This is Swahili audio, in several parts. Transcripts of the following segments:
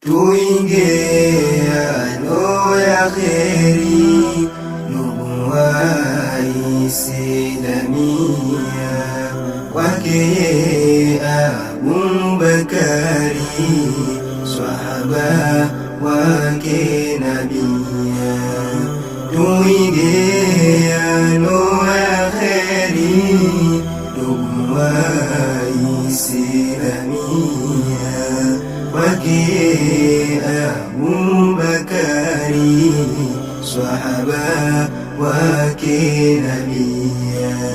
tuingia nuru ya kheri Islamia kwake Abu Bakari swahaba wake nabia tuige ya kheri ndugu zake Abubakari, swahaba wake nabia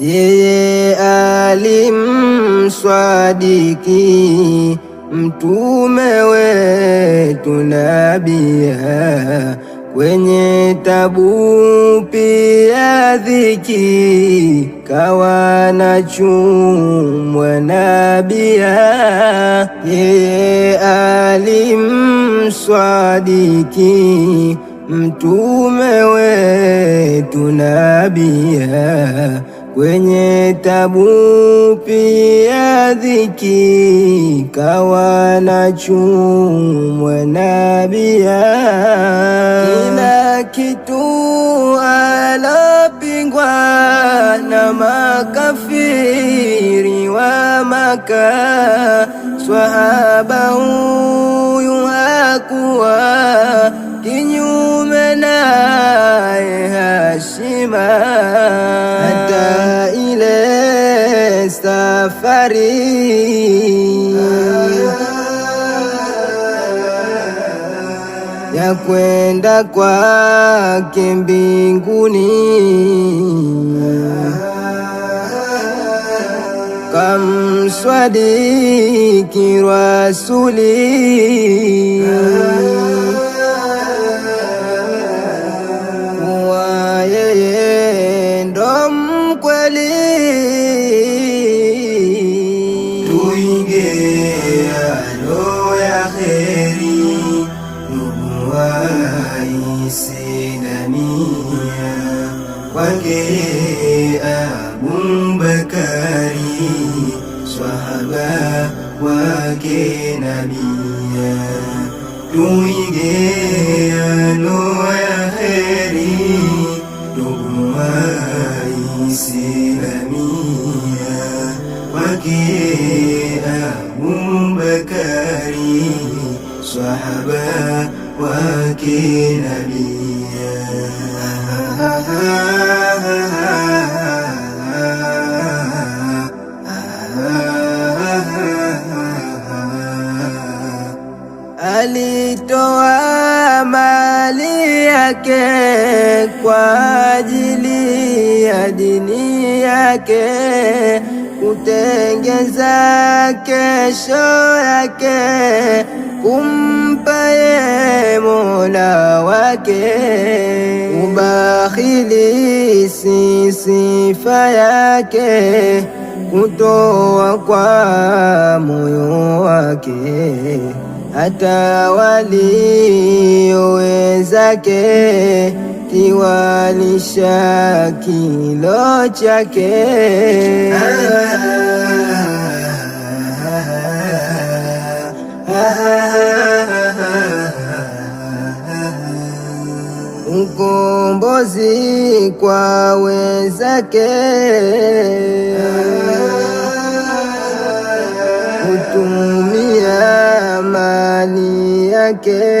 yeye alimswadiki mtume wetu nabia kwenye tabu pia dhiki, kawa na chumwa nabia, yeye alimswadiki mtume wetu nabia kwenye tabu pia dhiki, kawa na chungu mwanabia. Kila kitu alopingwa na makafiri wa Maka, swahaba huyu hakuwa kinyume naye hashima na kwenda kwake mbinguni kamswadiki rasuli وعيسينميا وكي أبو بكري صحبا وكي نبيا دويجي أنو يا خيري دوما إسلاميا وكي أبو بكري صحبا wake nabia alitoa mali yake kwa ajili ya dini yake kutengeza kesho yake, kumpa ye Mola wake. Ubakhili si sifa yake, kutoa kwa moyo wake hata walio wenzake kiwalisha kilo chake ukombozi kwa wezake kutumia mali yake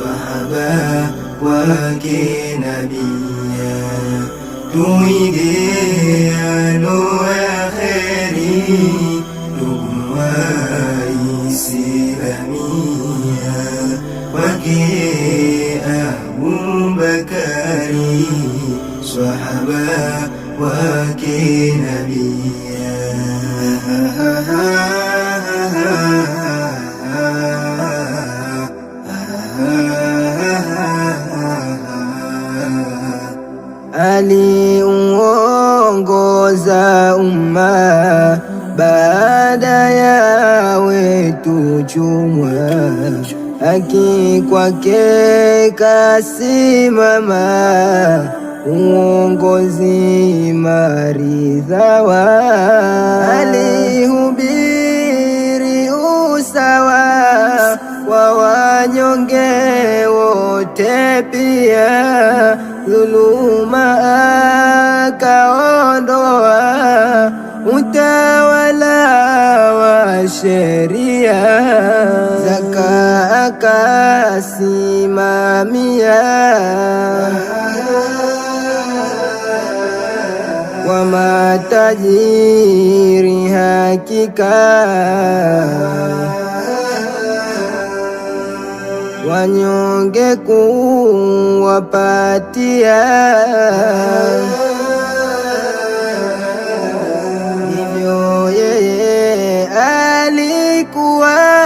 صحبا نبيا تويدي علو خيري لقواي سلاميا وكي أبو بكري صحبا وكنبيا aliuongoza umma baada ya wetu chumwa, haki kwake kasimama, uongozi maridhawa, alihubiri usawa wa wanyonge wote pia dhuluma akaondoa utawala wa sheria, zaka akasimamia, wa matajiri hakika wanyonge kuwapatia, hivyo yeye alikuwa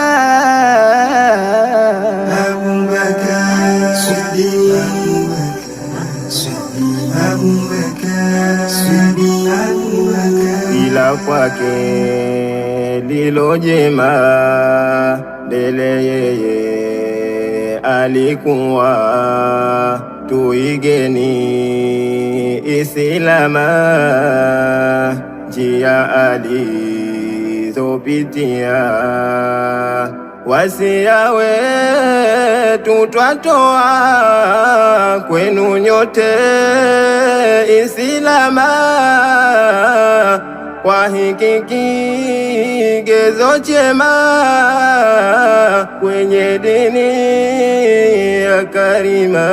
ila kwake lilojema mbele yeye alikuwa, tuigeni Isilama, njia alizopitia, wasia wetu twatoa kwenu nyote Isilama kwa hiki kigezo chema kwenye dini ya karima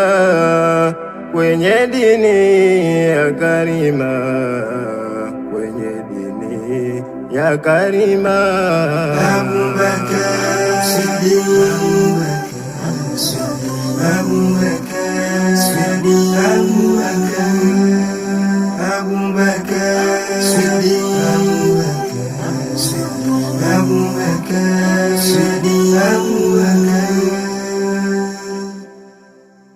kwenye dini ya karima kwenye dini ya karima Abubakar Siddiq Abubakar